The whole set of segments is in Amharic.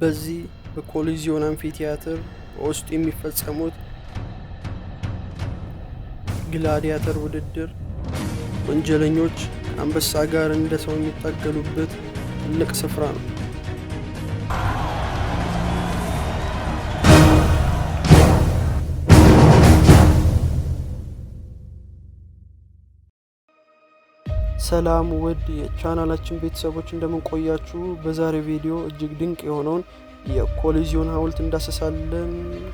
በዚህ በኮሊዚዮን አምፊቲያትር ውስጥ የሚፈጸሙት ግላዲያተር ውድድር ወንጀለኞች ከአንበሳ ጋር እንደ ሰው የሚታገሉበት ትልቅ ስፍራ ነው። ሰላም ውድ የቻናላችን ቤተሰቦች እንደምንቆያችሁ። በዛሬ ቪዲዮ እጅግ ድንቅ የሆነውን የኮሊዚዮን ሀውልት እንዳሰሳለን።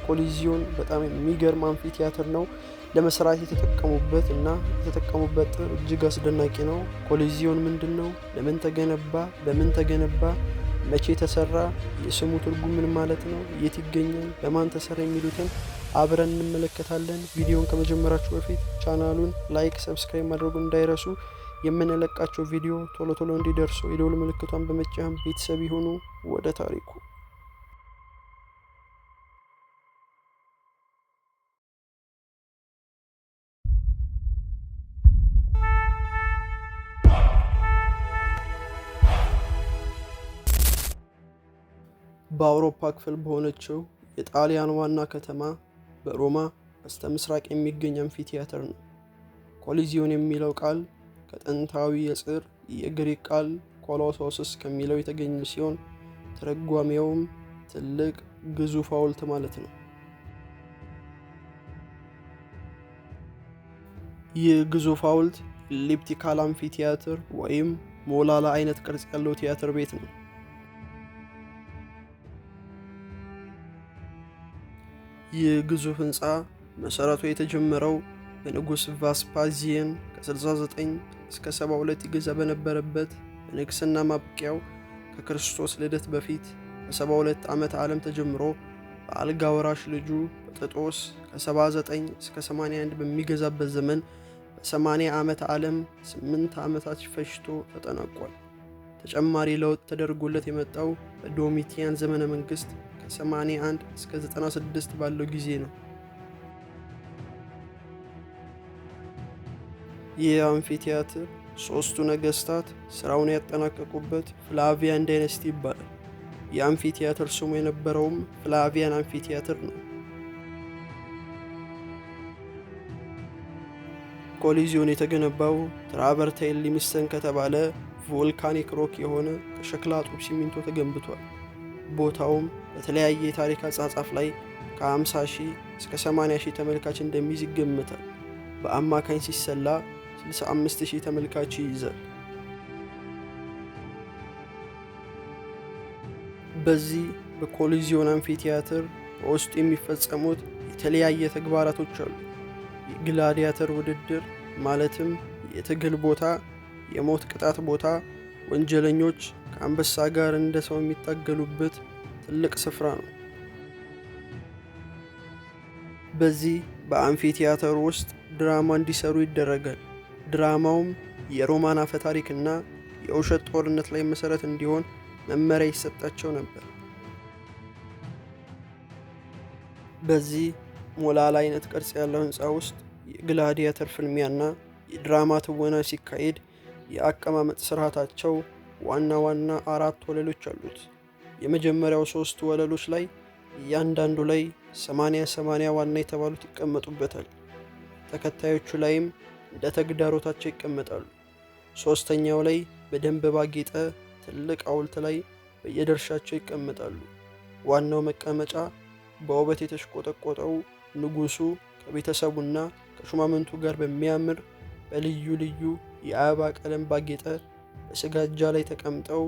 ኮሊዚዮን በጣም የሚገርም አንፊ ቲያትር ነው ለመስራት የተጠቀሙበት እና የተጠቀሙበት እጅግ አስደናቂ ነው። ኮሊዚዮን ምንድን ነው? ለምን ተገነባ? በምን ተገነባ? መቼ ተሰራ? የስሙ ትርጉም ምን ማለት ነው? የት ይገኛል? በማን ተሰራ? የሚሉትን አብረን እንመለከታለን። ቪዲዮን ከመጀመራችሁ በፊት ቻናሉን ላይክ፣ ሰብስክራይብ ማድረጉ እንዳይረሱ የምንለቃቸው ቪዲዮ ቶሎ ቶሎ እንዲደርሱ የደውል ምልክቷን በመጫን ቤተሰብ ይሁኑ። ወደ ታሪኩ በአውሮፓ ክፍል በሆነችው የጣሊያን ዋና ከተማ በሮማ በስተ ምስራቅ የሚገኝ አምፊቲያትር ነው። ኮሊዚዮን የሚለው ቃል ከጥንታዊ የጽር የግሪክ ቃል ኮሎሶስስ ከሚለው የተገኘ ሲሆን ተረጓሚውም ትልቅ ግዙፍ ሐውልት ማለት ነው። ይህ ግዙፍ ሐውልት ኤሊፕቲካል አምፊ ቲያትር ወይም ሞላላ አይነት ቅርጽ ያለው ቲያትር ቤት ነው። ይህ ግዙፍ ህንፃ መሰረቱ የተጀመረው በንጉሥ ቫስፓዚየን ከ69 እስከ 72 ይገዛ በነበረበት በንግሥና ማብቂያው ከክርስቶስ ልደት በፊት በ72 ዓመት ዓለም ተጀምሮ በአልጋ ወራሽ ልጁ በጥጦስ ከ79 እስከ 81 በሚገዛበት ዘመን በ80 ዓመት ዓለም 8 ዓመታት ፈሽቶ ተጠናቋል። ተጨማሪ ለውጥ ተደርጎለት የመጣው በዶሚቲያን ዘመነ መንግስት ከ81 እስከ 96 ባለው ጊዜ ነው። ይህ አምፊቲያትር ሶስቱ ነገስታት ስራውን ያጠናቀቁበት ፍላቪያን ዳይነስቲ ይባላል። የአምፊቲያትር ስሙ የነበረውም ፍላቪያን አምፊቲያትር ነው። ኮሊዚዮን የተገነባው ትራቨርታይን ሊምስተን ከተባለ ቮልካኒክ ሮክ የሆነ ከሸክላ ጡብ ሲሚንቶ ተገንብቷል። ቦታውም በተለያየ የታሪክ አጻጻፍ ላይ ከ50 ሺህ እስከ 80 ሺህ ተመልካች እንደሚይዝ ይገምታል። በአማካኝ ሲሰላ 65 ሺህ ተመልካች ይይዛል። በዚህ በኮሊዚዮን አምፊቲያትር በውስጡ የሚፈጸሙት የተለያየ ተግባራቶች አሉ። የግላዲያተር ውድድር ማለትም የትግል ቦታ፣ የሞት ቅጣት ቦታ፣ ወንጀለኞች ከአንበሳ ጋር እንደ ሰው የሚታገሉበት ትልቅ ስፍራ ነው። በዚህ በአምፊቲያተር ውስጥ ድራማ እንዲሰሩ ይደረጋል። ድራማውም የሮማን አፈ ታሪክና የውሸት ጦርነት ላይ መሰረት እንዲሆን መመሪያ ይሰጣቸው ነበር። በዚህ ሞላላ አይነት ቅርጽ ያለው ህንፃ ውስጥ የግላዲያተር ፍልሚያና የድራማ ትወና ሲካሄድ የአቀማመጥ ስርዓታቸው ዋና ዋና አራት ወለሎች አሉት። የመጀመሪያው ሶስት ወለሎች ላይ እያንዳንዱ ላይ ሰማንያ ሰማንያ ዋና የተባሉት ይቀመጡበታል። ተከታዮቹ ላይም ለተግዳሮታቸው ይቀመጣሉ። ሶስተኛው ላይ በደንብ ባጌጠ ትልቅ ሐውልት ላይ በየድርሻቸው ይቀመጣሉ። ዋናው መቀመጫ በውበት የተሽቆጠቆጠው ንጉሱ ከቤተሰቡና ከሹማምንቱ ጋር በሚያምር በልዩ ልዩ የአበባ ቀለም ባጌጠ በስጋጃ ላይ ተቀምጠው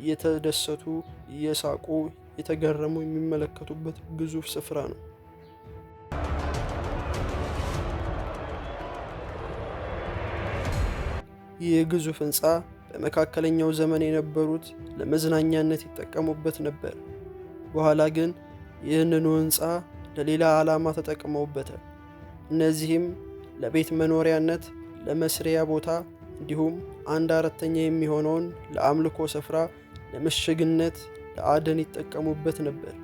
እየተደሰቱ እየሳቁ የተገረሙ የሚመለከቱበት ግዙፍ ስፍራ ነው። ይህ ግዙፍ ህንፃ በመካከለኛው ዘመን የነበሩት ለመዝናኛነት ይጠቀሙበት ነበር። በኋላ ግን ይህንኑ ህንፃ ለሌላ ዓላማ ተጠቅመውበታል። እነዚህም ለቤት መኖሪያነት፣ ለመስሪያ ቦታ እንዲሁም አንድ አራተኛ የሚሆነውን ለአምልኮ ስፍራ፣ ለምሽግነት፣ ለአደን ይጠቀሙበት ነበር።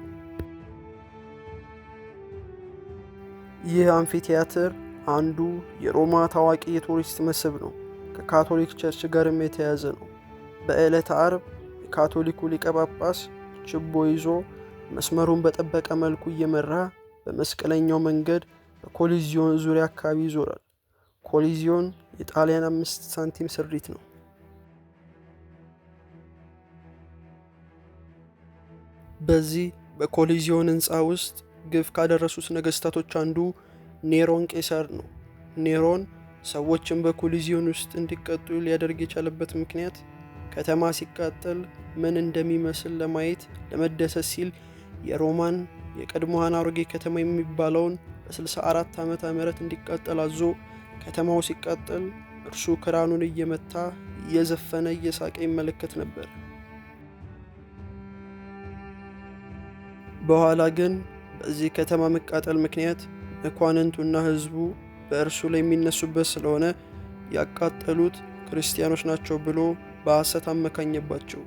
ይህ አምፊቲያትር አንዱ የሮማ ታዋቂ የቱሪስት መስህብ ነው። ከካቶሊክ ቸርች ጋርም የተያዘ ነው። በዕለተ አርብ የካቶሊኩ ሊቀ ጳጳስ ችቦ ይዞ መስመሩን በጠበቀ መልኩ እየመራ በመስቀለኛው መንገድ በኮሊዚዮን ዙሪያ አካባቢ ይዞራል። ኮሊዚዮን የጣሊያን አምስት ሳንቲም ስሪት ነው። በዚህ በኮሊዚዮን ህንፃ ውስጥ ግፍ ካደረሱት ነገስታቶች አንዱ ኔሮን ቄሳር ነው። ኔሮን ሰዎችን በኮሊዚዮን ውስጥ እንዲቀጡ ሊያደርግ የቻለበት ምክንያት ከተማ ሲቃጠል ምን እንደሚመስል ለማየት ለመደሰት ሲል የሮማን የቀድሞ አሮጌ ከተማ የሚባለውን በ64 ዓመተ ምህረት እንዲቃጠል አዞ ከተማው ሲቃጠል እርሱ ክራኑን እየመታ እየዘፈነ እየሳቀ ይመለከት ነበር። በኋላ ግን በዚህ ከተማ መቃጠል ምክንያት መኳንንቱና ህዝቡ። በእርሱ ላይ የሚነሱበት ስለሆነ ያቃጠሉት ክርስቲያኖች ናቸው ብሎ በሐሰት አመካኘባቸው።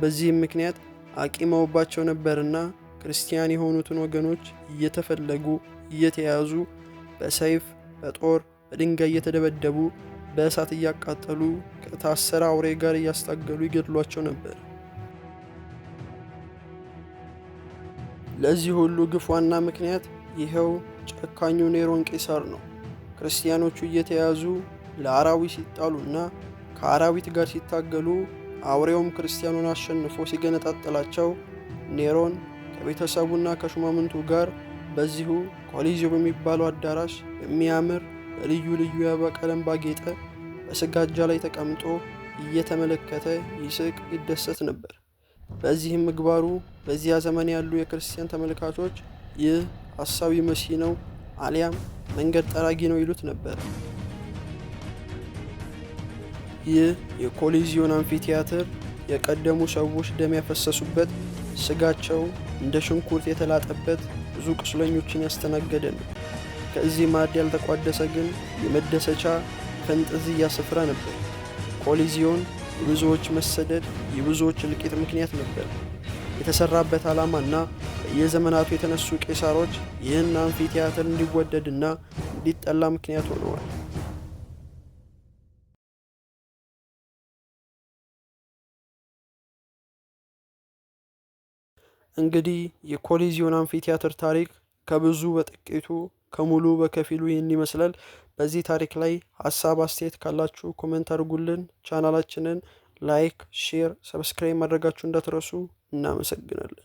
በዚህም ምክንያት አቂመውባቸው ነበርና ክርስቲያን የሆኑትን ወገኖች እየተፈለጉ እየተያዙ በሰይፍ በጦር በድንጋይ እየተደበደቡ በእሳት እያቃጠሉ ከታሰረ አውሬ ጋር እያስታገሉ ይገድሏቸው ነበር። ለዚህ ሁሉ ግፍ ዋና ምክንያት ይኸው ጨካኙ ኔሮን ቄሳር ነው። ክርስቲያኖቹ እየተያዙ ለአራዊት ሲጣሉና ከአራዊት ጋር ሲታገሉ አውሬውም ክርስቲያኑን አሸንፎ ሲገነጣጠላቸው ኔሮን ከቤተሰቡና ከሹማምንቱ ጋር በዚሁ ኮሊዚዮ በሚባለው አዳራሽ የሚያምር በልዩ ልዩ የአበባ ቀለም ባጌጠ በስጋጃ ላይ ተቀምጦ እየተመለከተ ይስቅ ይደሰት ነበር። በዚህም ምግባሩ በዚያ ዘመን ያሉ የክርስቲያን ተመልካቾች ይህ ሐሳዊ መሲህ ነው አሊያም መንገድ ጠራጊ ነው ይሉት ነበር። ይህ የኮሊዚዮን አምፊቲያትር የቀደሙ ሰዎች ደም ያፈሰሱበት፣ ስጋቸው እንደ ሽንኩርት የተላጠበት፣ ብዙ ቅስለኞችን ያስተናገደ ነው። ከዚህ ማዕድ ያልተቋደሰ ግን የመደሰቻ ፈንጠዝያ ስፍራ ነበር። ኮሊዚዮን የብዙዎች መሰደድ፣ የብዙዎች እልቂት ምክንያት ነበር። የተሰራበት ዓላማና እና በየዘመናቱ የተነሱ ቄሳሮች ይህን አምፊቲያትር እንዲወደድና እንዲጠላ ምክንያት ሆነዋል። እንግዲህ የኮሊዚዮን አምፊቲያትር ታሪክ ከብዙ በጥቂቱ ከሙሉ በከፊሉ ይህን ይመስላል። በዚህ ታሪክ ላይ ሀሳብ አስተያየት ካላችሁ ኮሜንት አድርጉልን። ቻናላችንን ላይክ፣ ሼር፣ ሰብስክራይብ ማድረጋችሁ እንዳትረሱ። እናመሰግናለን